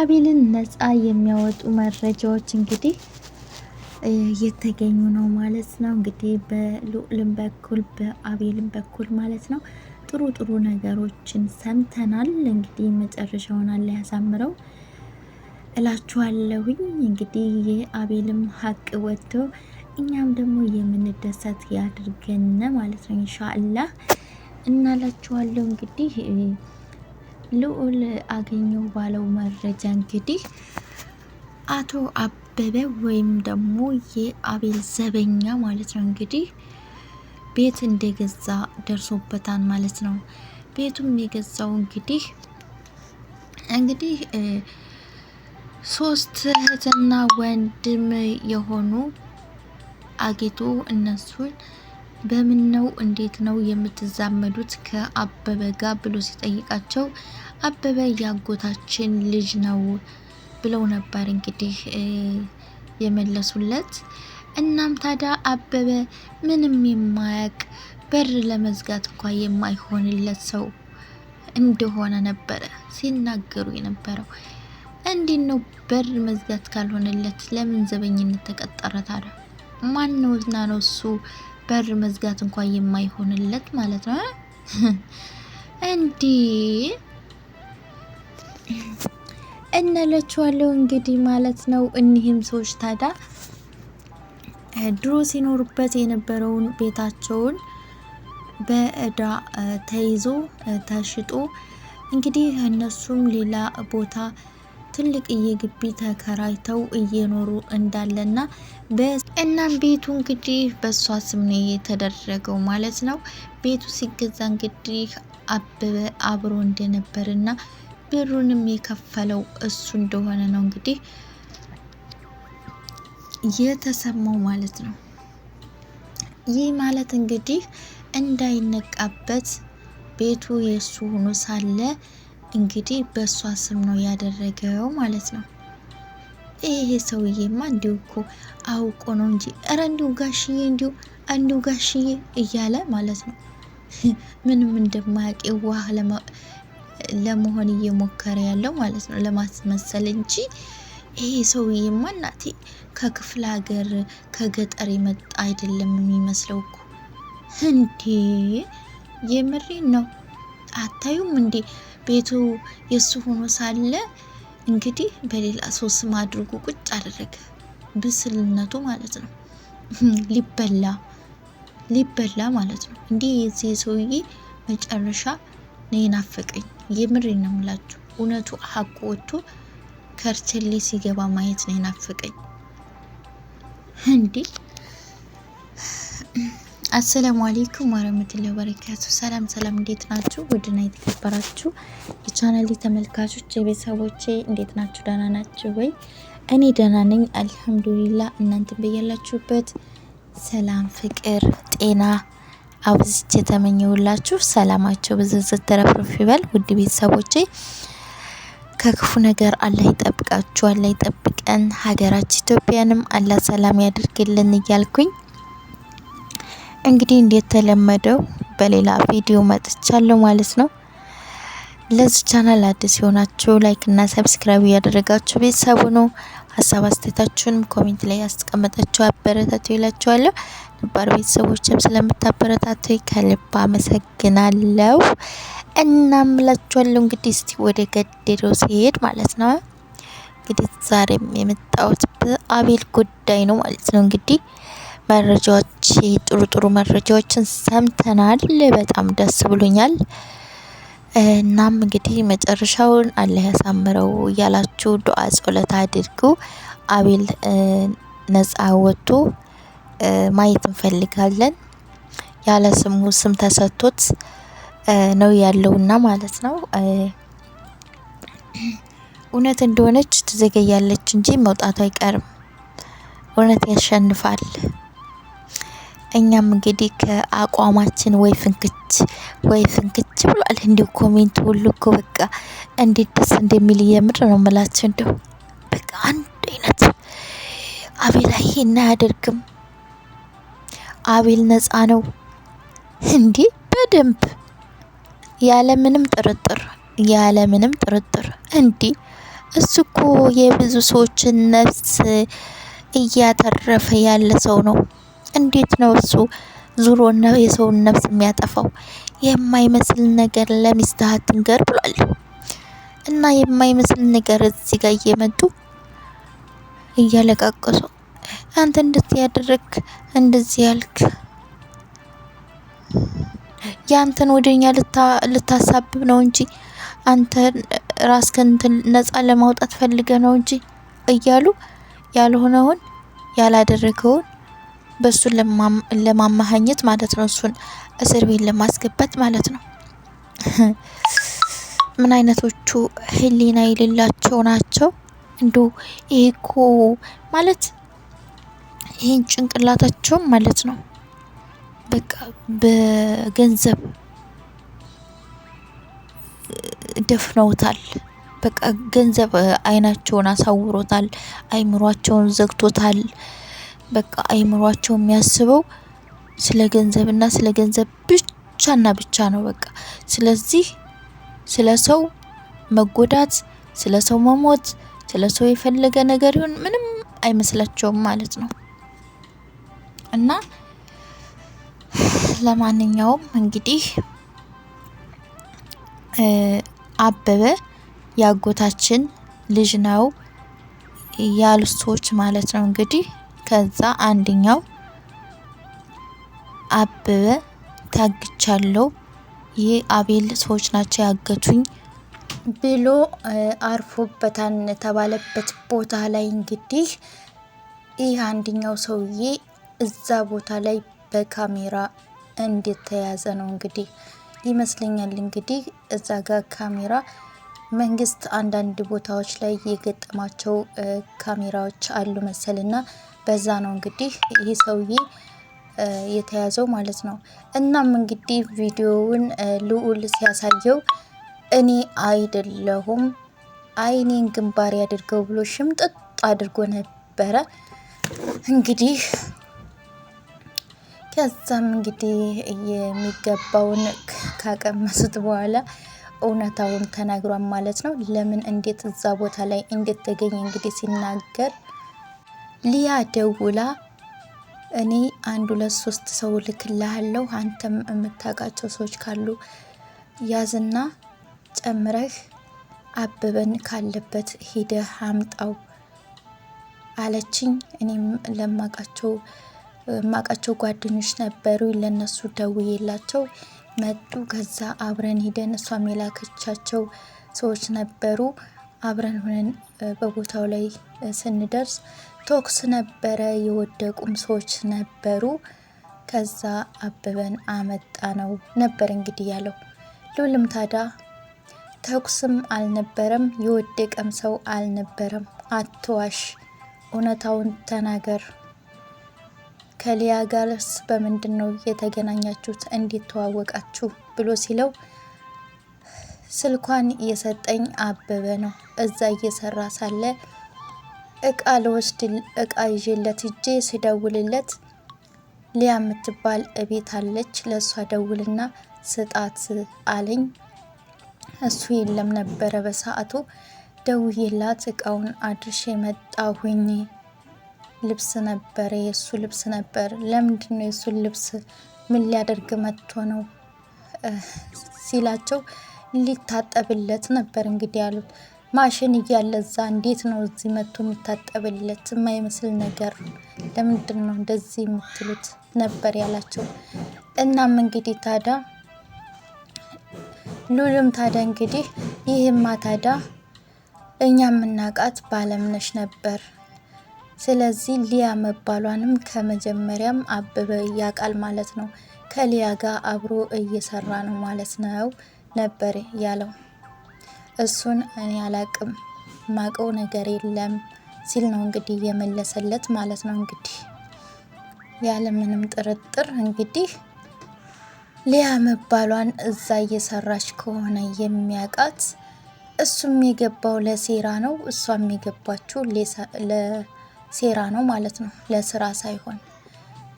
አቤልን ነፃ የሚያወጡ መረጃዎች እንግዲህ እየተገኙ ነው ማለት ነው። እንግዲህ በልዑልም በኩል በአቤልም በኩል ማለት ነው ጥሩ ጥሩ ነገሮችን ሰምተናል። እንግዲህ መጨረሻውን አለ ያሳምረው እላችኋለሁኝ። እንግዲህ የአቤልም ሀቅ ወጥቶ እኛም ደግሞ የምንደሰት ያድርገን ማለት ነው። ኢንሻአላህ እናላችኋለሁ እንግዲህ ልዑል አገኘው ባለው መረጃ እንግዲህ አቶ አበበ ወይም ደግሞ የአቤል ዘበኛ ማለት ነው እንግዲህ ቤት እንደገዛ ደርሶበታል ማለት ነው። ቤቱም የገዛው እንግዲህ እንግዲህ ሶስት እህትና ወንድም የሆኑ አግቶ እነሱን በምን ነው እንዴት ነው የምትዛመዱት ከአበበ ጋር ብሎ ሲጠይቃቸው አበበ ያጎታችን ልጅ ነው ብለው ነበር እንግዲህ የመለሱለት። እናም ታዲያ አበበ ምንም የማያቅ በር ለመዝጋት እንኳ የማይሆንለት ሰው እንደሆነ ነበረ ሲናገሩ የነበረው። እንዴት ነው በር መዝጋት ካልሆነለት ለምን ዘበኝነት ተቀጠረ ታዲያ? ማን ነው እዝና ነው እሱ በር መዝጋት እንኳን የማይሆንለት ማለት ነው እንዴ እናላችኋለሁ እንግዲህ ማለት ነው። እኒህም ሰዎች ታዲያ ድሮ ሲኖሩበት የነበረውን ቤታቸውን በእዳ ተይዞ ተሽጦ እንግዲህ እነሱም ሌላ ቦታ ትልቅ ግቢ ተከራይተው እየኖሩ እንዳለና እናም ቤቱ እንግዲህ በእሷ ስም ነው የተደረገው ማለት ነው። ቤቱ ሲገዛ እንግዲህ አበበ አብሮ እና ብሩንም የከፈለው እሱ እንደሆነ ነው እንግዲህ የተሰማው ማለት ነው። ይህ ማለት እንግዲህ እንዳይነቃበት ቤቱ የእሱ ሆኖ ሳለ እንግዲህ በእሷ ስም ነው ያደረገው ማለት ነው። ይሄ ሰውዬማ እንዲሁ እኮ አውቆ ነው እንጂ እረ እንዲሁ ጋሽዬ እንዲሁ እንዲሁ ጋሽዬ እያለ ማለት ነው ምንም እንደማያውቅ ዋህ ለመሆን እየሞከረ ያለው ማለት ነው፣ ለማስመሰል እንጂ ይሄ ሰውዬማ እናቴ ከክፍለ ሀገር ከገጠር የመጣ አይደለም የሚመስለው እኮ እንዴ! የምሬን ነው። አታዩም እንዴ? ቤቱ የሱ ሆኖ ሳለ እንግዲህ በሌላ ሰው ስም አድርጎ ቁጭ አደረገ። ብስልነቱ ማለት ነው። ሊበላ ሊበላ ማለት ነው። እንዲህ የዚህ ሰውዬ መጨረሻ ነው የናፈቀኝ። የምሬ ነው ምላችሁ እውነቱ ሀቁ ወጥቶ ከርቸሌ ሲገባ ማየት ነው ናፈቀኝ። እንዲህ አሰላሙ አሌይኩም ወረህመቱላሂ ወበረካቱ። ሰላም ሰላም፣ እንዴት ናችሁ? ውድና የተከበራችሁ የቻናሌ ተመልካቾች የቤተሰቦቼ እንዴት ናችሁ? ደህና ናችሁ ወይ? እኔ ደህና ነኝ አልሐምዱሊላ። እናንተን በያላችሁበት ሰላም፣ ፍቅር፣ ጤና አብዝቼ የተመኘውላችሁ ሰላማቸው ብዝዝት ተረፍርፍ ይበል። ውድ ቤተሰቦቼ ከክፉ ነገር አላህ ይጠብቃችሁ፣ አላህ ይጠብቀን። ሀገራችን ኢትዮጵያንም አላህ ሰላም ያድርግልን እያልኩኝ እንግዲህ እንደተለመደው በሌላ ቪዲዮ መጥቻለሁ ማለት ነው። ለዚህ ቻናል አዲስ የሆናችሁ ላይክ እና ሰብስክራይብ እያደረጋችሁ ቤተሰቡ ነው። ሀሳብ አስተያየታችሁንም ኮሜንት ላይ ያስቀመጣችሁ አበረታቱ ይላችኋለሁ። ነባር ቤተሰቦችም ስለምታበረታቱ ከልብ አመሰግናለሁ። እናም ላችኋለሁ እንግዲህ እስቲ ወደ ገደለው ሲሄድ ማለት ነው። እንግዲህ ዛሬም የመጣሁት በአቤል ጉዳይ ነው ማለት ነው እንግዲህ መረጃዎች ጥሩ ጥሩ መረጃዎችን ሰምተናል። በጣም ደስ ብሎኛል። እናም እንግዲህ መጨረሻውን አላህ ያሳምረው እያላችሁ ዱዓ ጸሎት አድርጉ። አቤል ነጻ ወጥቶ ማየት እንፈልጋለን። ያለ ስሙ ስም ተሰጥቶት ነው ያለውና ማለት ነው። እውነት እንደሆነች ትዘገያለች እንጂ መውጣቱ አይቀርም። እውነት ያሸንፋል። እኛም እንግዲህ ከአቋማችን ወይ ፍንክች ወይ ፍንክች ብሏል። እንዲሁ ኮሜንት ሁሉ እኮ በቃ እንዴት ደስ እንደሚል እየምር ነው ምላቸው። እንዲሁ በቃ አንድ አይነት አቤል ይሄን አያደርግም፣ አቤል ነፃ ነው እንዲህ በደንብ ያለምንም ጥርጥር ያለ ምንም ጥርጥር እንዲህ እሱ እኮ የብዙ ሰዎችን ነፍስ እያተረፈ ያለ ሰው ነው። እንዴት ነው እሱ ዙሮ የሰውን ነፍስ የሚያጠፋው? የማይመስል ነገር ለሚስትህ አትንገር ብሏል። እና የማይመስል ነገር እዚህ ጋር እየመጡ እያለቃቀሱ አንተ እንደዚህ ያደረግ እንደዚህ ያልክ ያንተን ወደኛ ልታሳብብ ነው እንጂ አንተ ራስህን ነጻ ለማውጣት ፈልገ ነው እንጂ እያሉ ያልሆነውን ያላደረገውን በእሱን ለማማሀኘት ማለት ነው። እሱን እስር ቤት ለማስገባት ማለት ነው። ምን አይነቶቹ ህሊና የሌላቸው ናቸው? እንዱ ይሄ እኮ ማለት ይህን ጭንቅላታቸውም ማለት ነው በቃ በገንዘብ ደፍነውታል። በቃ ገንዘብ አይናቸውን አሳውሮታል። አይምሯቸውን ዘግቶታል። በቃ አይምሯቸው የሚያስበው ስለ ገንዘብና ስለ ገንዘብ ብቻና ብቻ ነው። በቃ ስለዚህ ስለ ሰው መጎዳት፣ ስለ ሰው መሞት፣ ስለ ሰው የፈለገ ነገር ይሁን ምንም አይመስላቸውም ማለት ነው እና ለማንኛውም እንግዲህ አበበ የአጎታችን ልጅ ነው ያሉት ሰዎች ማለት ነው እንግዲህ ከዛ አንደኛው አበበ ታግቻለሁ፣ ይህ አቤል ሰዎች ናቸው ያገቱኝ ብሎ አርፎበታን ተባለበት ቦታ ላይ እንግዲህ ይህ አንደኛው ሰውዬ እዛ ቦታ ላይ በካሜራ እንደተያዘ ነው እንግዲህ ይመስለኛል። እንግዲህ እዛ ጋር ካሜራ መንግስት አንዳንድ ቦታዎች ላይ የገጠማቸው ካሜራዎች አሉ መሰልና በዛ ነው እንግዲህ ይህ ሰውዬ የተያዘው ማለት ነው። እናም እንግዲህ ቪዲዮውን ልዑል ሲያሳየው እኔ አይደለሁም አይኔን ግንባሬ አድርገው ብሎ ሽምጥጥ አድርጎ ነበረ እንግዲህ ከዛም እንግዲህ የሚገባውን ካቀመሱት በኋላ እውነታውን ተናግሯል ማለት ነው። ለምን እንዴት እዛ ቦታ ላይ እንዴት እንግዲህ ሲናገር ሊያ ደውላ እኔ አንድ ሁለት ሶስት ሰው ልክልሃለሁ አንተም የምታውቃቸው ሰዎች ካሉ ያዝና ጨምረህ አበበን ካለበት ሂደ አምጣው አለችኝ። እኔም ለማቃቸው ማቃቸው ጓደኞች ነበሩ ለነሱ ደውዬላቸው መጡ። ከዛ አብረን ሂደን እሷም የላከቻቸው ሰዎች ነበሩ። አብረን ሆነን በቦታው ላይ ስንደርስ ቶክስ ነበረ፣ የወደቁም ሰዎች ነበሩ። ከዛ አበበን አመጣ ነው ነበር እንግዲህ ያለው። ሉልም ታዳ ተኩስም አልነበረም የወደቀም ሰው አልነበረም፣ አትዋሽ፣ እውነታውን ተናገር። ከሊያ ጋርስ በምንድን ነው የተገናኛችሁት? እንዴት ተዋወቃችሁ? ብሎ ሲለው ስልኳን የሰጠኝ አበበ ነው እዛ እየሰራ ሳለ እቃ ለወስድ እቃ ይዤለት እጄ ስደውልለት ሊያ የምትባል እቤት አለች፣ ለእሷ ደውልና ስጣት አለኝ። እሱ የለም ነበረ በሰዓቱ ደውዬላት እቃውን አድርሼ መጣሁኝ። ልብስ ነበረ የእሱ ልብስ ነበር። ለምንድን ነው የእሱን ልብስ ምን ሊያደርግ መጥቶ ነው ሲላቸው ሊታጠብለት ነበር እንግዲህ ያሉት ማሽን እያለ እዛ እንዴት ነው እዚህ መቶ የሚታጠብለት የማይመስል ነገር ለምንድን ነው እንደዚህ የምትሉት ነበር ያላቸው። እናም እንግዲህ ታዳ ሉልም ታዳ እንግዲህ ይህማ ታዳ እኛ የምናውቃት ባለምነሽ ነበር። ስለዚህ ሊያ መባሏንም ከመጀመሪያም አበበ ያውቃል ማለት ነው። ከሊያ ጋር አብሮ እየሰራ ነው ማለት ነው ነበር ያለው። እሱን እኔ አላቅም ማቀው ነገር የለም ሲል ነው እንግዲህ የመለሰለት ማለት ነው። እንግዲህ ያለምንም ጥርጥር እንግዲህ ሊያ መባሏን እዛ እየሰራች ከሆነ የሚያቃት እሱም የገባው ለሴራ ነው፣ እሷም የገባችው ለሴራ ነው ማለት ነው፣ ለስራ ሳይሆን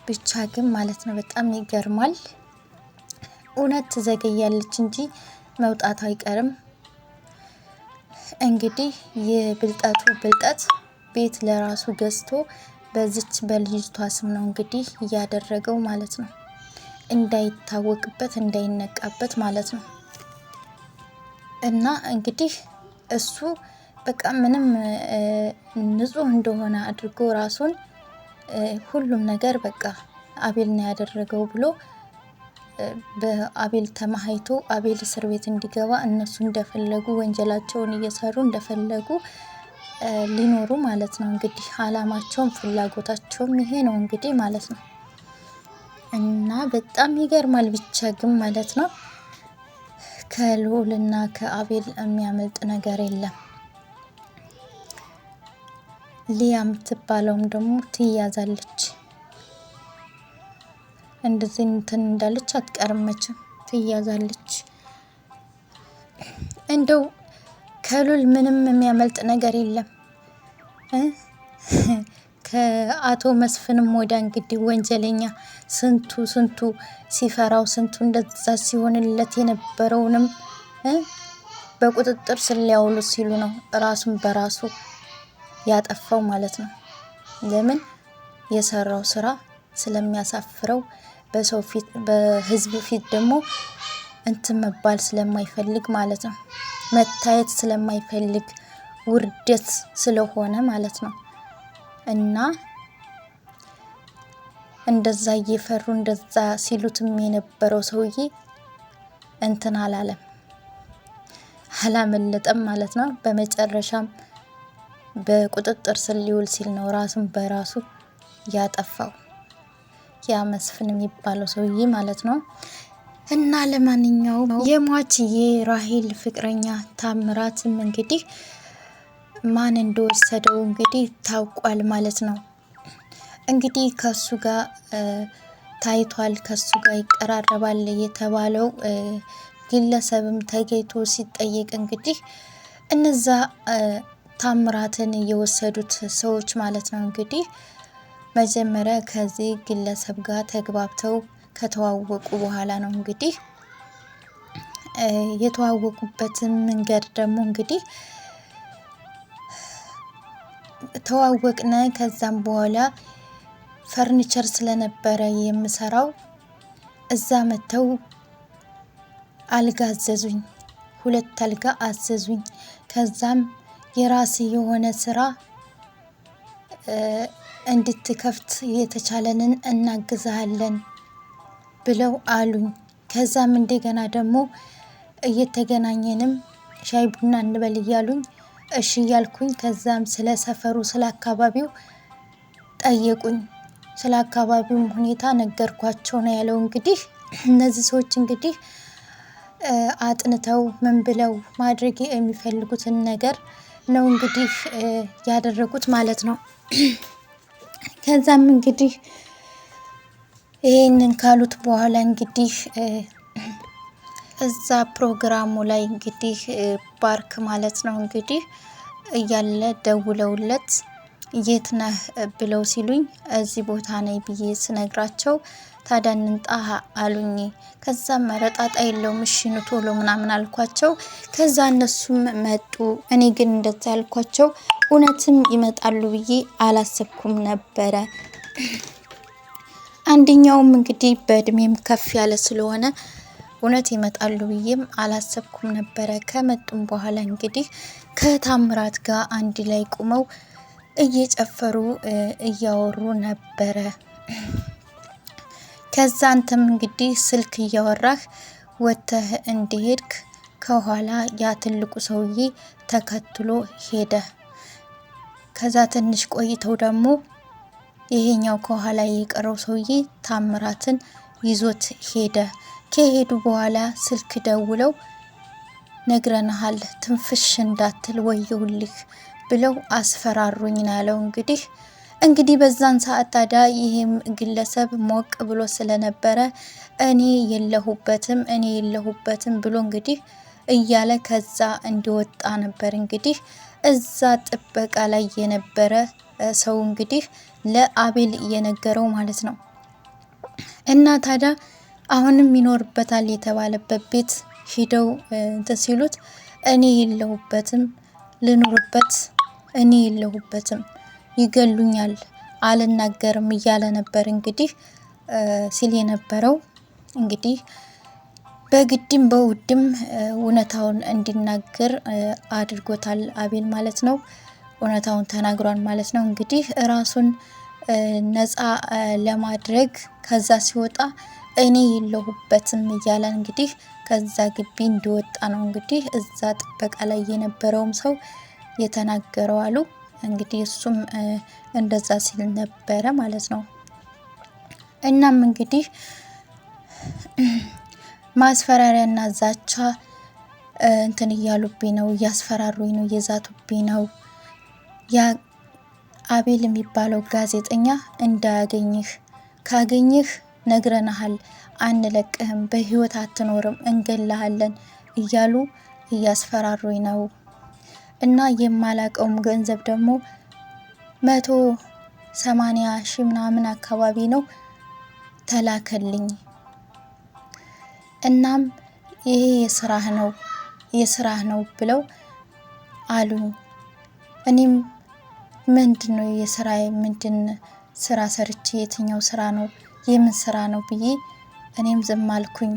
ብቻ ግን ማለት ነው። በጣም ይገርማል። እውነት ትዘገያለች እንጂ መውጣቱ አይቀርም። እንግዲህ የብልጠቱ ብልጠት ቤት ለራሱ ገዝቶ በዚች በልጅቷ ስም ነው እንግዲህ እያደረገው ማለት ነው። እንዳይታወቅበት እንዳይነቃበት ማለት ነው። እና እንግዲህ እሱ በቃ ምንም ንጹህ እንደሆነ አድርጎ ራሱን ሁሉም ነገር በቃ አቤል ነው ያደረገው ብሎ በአቤል ተማሀይቶ አቤል እስር ቤት እንዲገባ እነሱ እንደፈለጉ ወንጀላቸውን እየሰሩ እንደፈለጉ ሊኖሩ ማለት ነው። እንግዲህ አላማቸውም ፍላጎታቸውም ይሄ ነው እንግዲህ ማለት ነው። እና በጣም ይገርማል ብቻ ግን ማለት ነው ከልዑልና ከአቤል የሚያመልጥ ነገር የለም። ሊያ የምትባለውም ደግሞ ትያዛለች። እንደዚህ እንትን እንዳለች አትቀርመችም፣ ትያዛለች። እንደው ከሉል ምንም የሚያመልጥ ነገር የለም። ከአቶ መስፍንም ወዳ እንግዲህ ወንጀለኛ ስንቱ ስንቱ ሲፈራው ስንቱ እንደዛ ሲሆንለት የነበረውንም በቁጥጥር ስር ሊያውሉ ሲሉ ነው ራሱን በራሱ ያጠፋው ማለት ነው። ለምን የሰራው ስራ ስለሚያሳፍረው በሰው ፊት በህዝብ ፊት ደግሞ እንትን መባል ስለማይፈልግ ማለት ነው። መታየት ስለማይፈልግ ውርደት ስለሆነ ማለት ነው። እና እንደዛ እየፈሩ እንደዛ ሲሉትም የነበረው ሰውዬ እንትን አላለም፣ አላመለጠም ማለት ነው። በመጨረሻም በቁጥጥር ስር ሊውል ሲል ነው ራሱን በራሱ ያጠፋው። ያ መስፍን የሚባለው ሰውዬ ማለት ነው። እና ለማንኛውም የሟች የራሄል ፍቅረኛ ታምራትም እንግዲህ ማን እንደወሰደው እንግዲህ ታውቋል ማለት ነው። እንግዲህ ከሱ ጋር ታይቷል፣ ከሱ ጋር ይቀራረባል የተባለው ግለሰብም ተገኝቶ ሲጠየቅ እንግዲህ እነዛ ታምራትን የወሰዱት ሰዎች ማለት ነው እንግዲህ መጀመሪያ ከዚህ ግለሰብ ጋር ተግባብተው ከተዋወቁ በኋላ ነው እንግዲህ የተዋወቁበትን መንገድ ደግሞ እንግዲህ ተዋወቅነ። ከዛም በኋላ ፈርኒቸር ስለነበረ የምሰራው እዛ መጥተው አልጋ አዘዙኝ፣ ሁለት አልጋ አዘዙኝ። ከዛም የራስ የሆነ ስራ እንድትከፍት የተቻለንን እናግዛሃለን ብለው አሉኝ። ከዛም እንደገና ደግሞ እየተገናኘንም ሻይ ቡና እንበል እያሉኝ እሺ እያልኩኝ ከዛም ስለ ሰፈሩ ስለ አካባቢው ጠየቁኝ። ስለ አካባቢውም ሁኔታ ነገርኳቸው ነው ያለው። እንግዲህ እነዚህ ሰዎች እንግዲህ አጥንተው ምን ብለው ማድረግ የሚፈልጉትን ነገር ነው እንግዲህ ያደረጉት ማለት ነው። ከዛም እንግዲህ ይሄንን ካሉት በኋላ እንግዲህ እዛ ፕሮግራሙ ላይ እንግዲህ ባርክ ማለት ነው እንግዲህ እያለ ደውለውለት የት ነህ ብለው ሲሉኝ እዚህ ቦታ ነኝ ብዬ ስነግራቸው ታዲያ እንንጣ አሉኝ። ከዛ መረጣጣ የለውም እሺ ቶሎ ምናምን አልኳቸው። ከዛ እነሱም መጡ። እኔ ግን እንደዛ ያልኳቸው እውነትም ይመጣሉ ብዬ አላሰብኩም ነበረ። አንደኛውም እንግዲህ በእድሜም ከፍ ያለ ስለሆነ እውነት ይመጣሉ ብዬም አላሰብኩም ነበረ። ከመጡም በኋላ እንግዲህ ከታምራት ጋር አንድ ላይ ቁመው እየጨፈሩ እያወሩ ነበረ። ከዛ አንተም እንግዲህ ስልክ እያወራህ ወጥተህ እንደሄድክ ከኋላ ያ ትልቁ ሰውዬ ተከትሎ ሄደ። ከዛ ትንሽ ቆይተው ደግሞ ይሄኛው ከኋላ የቀረው ሰውዬ ታምራትን ይዞት ሄደ። ከሄዱ በኋላ ስልክ ደውለው ነግረንሃል፣ ትንፍሽ እንዳትል ወየውልህ ብለው አስፈራሩኝ ናለው። እንግዲህ እንግዲህ በዛን ሰዓት ታዲያ ይህም ግለሰብ ሞቅ ብሎ ስለነበረ እኔ የለሁበትም እኔ የለሁበትም ብሎ እንግዲህ እያለ ከዛ እንዲወጣ ነበር እንግዲህ እዛ ጥበቃ ላይ የነበረ ሰው እንግዲህ ለአቤል እየነገረው ማለት ነው። እና ታዲያ አሁንም ይኖርበታል የተባለበት ቤት ሂደው እንትን ሲሉት እኔ የለሁበትም ልኖርበት፣ እኔ የለሁበትም ይገሉኛል፣ አልናገርም እያለ ነበር እንግዲህ ሲል የነበረው እንግዲህ በግድም በውድም እውነታውን እንዲናገር አድርጎታል አቤል ማለት ነው። እውነታውን ተናግሯል ማለት ነው። እንግዲህ ራሱን ነፃ ለማድረግ ከዛ ሲወጣ እኔ የለሁበትም እያለ እንግዲህ ከዛ ግቢ እንዲወጣ ነው እንግዲህ እዛ ጥበቃ ላይ የነበረውም ሰው የተናገረው አሉ። እንግዲህ እሱም እንደዛ ሲል ነበረ ማለት ነው። እናም እንግዲህ ማስፈራሪያና ዛቻ እንትን እያሉብኝ ነው፣ እያስፈራሩኝ ነው፣ እየዛቱብኝ ነው። አቤል የሚባለው ጋዜጠኛ እንዳያገኝህ፣ ካገኝህ ነግረናሃል፣ አንለቅህም፣ በህይወት አትኖርም፣ እንገላሃለን እያሉ እያስፈራሩኝ ነው እና የማላቀውም ገንዘብ ደግሞ መቶ ሰማንያ ሺ ምናምን አካባቢ ነው ተላከልኝ። እናም ይሄ የስራህ ነው የስራህ ነው ብለው አሉ። እኔም ምንድን ነው የስራ ምንድን ስራ ሰርቼ የትኛው ስራ ነው የምን ስራ ነው ብዬ እኔም ዝም አልኩኝ።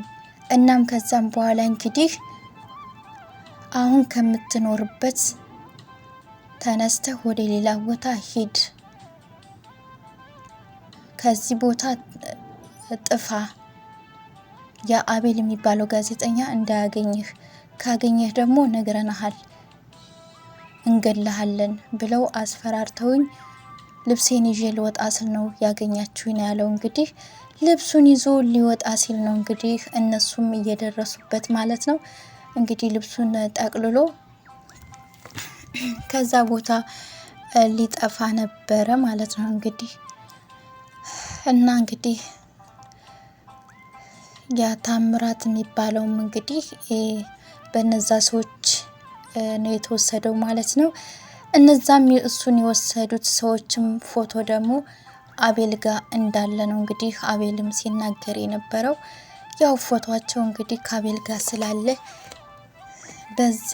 እናም ከዛም በኋላ እንግዲህ አሁን ከምትኖርበት ተነስተህ ወደ ሌላ ቦታ ሂድ፣ ከዚህ ቦታ ጥፋ የአቤል የሚባለው ጋዜጠኛ እንዳያገኝህ፣ ካገኘህ ደግሞ ነግረናሃል፣ እንገላሃለን ብለው አስፈራርተውኝ ልብሴን ይዤ ልወጣ ስል ነው ያገኛችሁኝ ያለው። እንግዲህ ልብሱን ይዞ ሊወጣ ሲል ነው እንግዲህ እነሱም እየደረሱበት ማለት ነው። እንግዲህ ልብሱን ጠቅልሎ ከዛ ቦታ ሊጠፋ ነበረ ማለት ነው እንግዲህ እና እንግዲህ ያ ታምራት የሚባለውም እንግዲህ በነዛ ሰዎች ነው የተወሰደው ማለት ነው። እነዛም እሱን የወሰዱት ሰዎችም ፎቶ ደግሞ አቤል ጋር እንዳለ ነው እንግዲህ አቤልም ሲናገር የነበረው ያው ፎቷቸው እንግዲህ ከአቤል ጋር ስላለ በዛ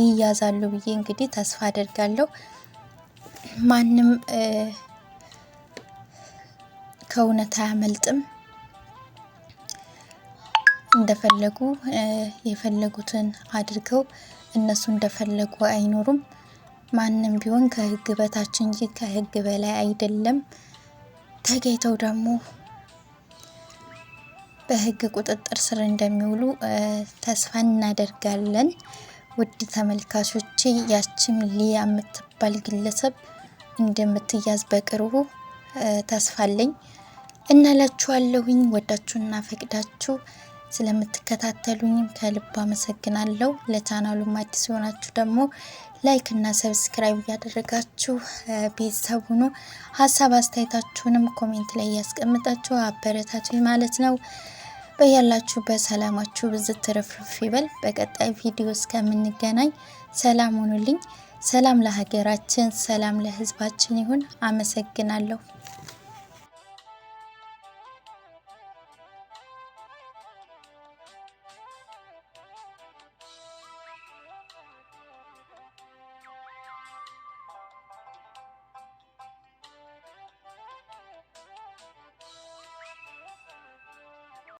ይያዛሉ ብዬ እንግዲህ ተስፋ አደርጋለሁ። ማንም ከእውነት አያመልጥም። እንደፈለጉ የፈለጉትን አድርገው እነሱ እንደፈለጉ አይኖሩም። ማንም ቢሆን ከህግ በታች እንጂ ከህግ በላይ አይደለም። ተገይተው ደግሞ በህግ ቁጥጥር ስር እንደሚውሉ ተስፋ እናደርጋለን። ውድ ተመልካቾቼ ያችም ሊያ የምትባል ግለሰብ እንደምትያዝ በቅርቡ ተስፋ አለኝ እና ወዳችሁና ፈቅዳችሁ ስለምትከታተሉኝም ከልብ አመሰግናለሁ። ለቻናሉም አዲስ የሆናችሁ ደግሞ ላይክ እና ሰብስክራይብ እያደረጋችሁ ቤተሰብ ሁኑ። ሀሳብ አስተያየታችሁንም ኮሜንት ላይ እያስቀምጣችሁ አበረታቱኝ ማለት ነው። በያላችሁ በሰላማችሁ ብዝት ትርፍርፍ ይበል። በቀጣይ ቪዲዮ እስከምንገናኝ ሰላም ሁኑልኝ። ሰላም ለሀገራችን፣ ሰላም ለሕዝባችን ይሁን። አመሰግናለሁ።